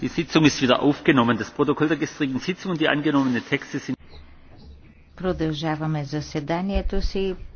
Die Sitzung ist wieder aufgenommen. Das Protokoll der gestrigen Sitzung und die angenommenen Texte sind Продължаваме заседанието си.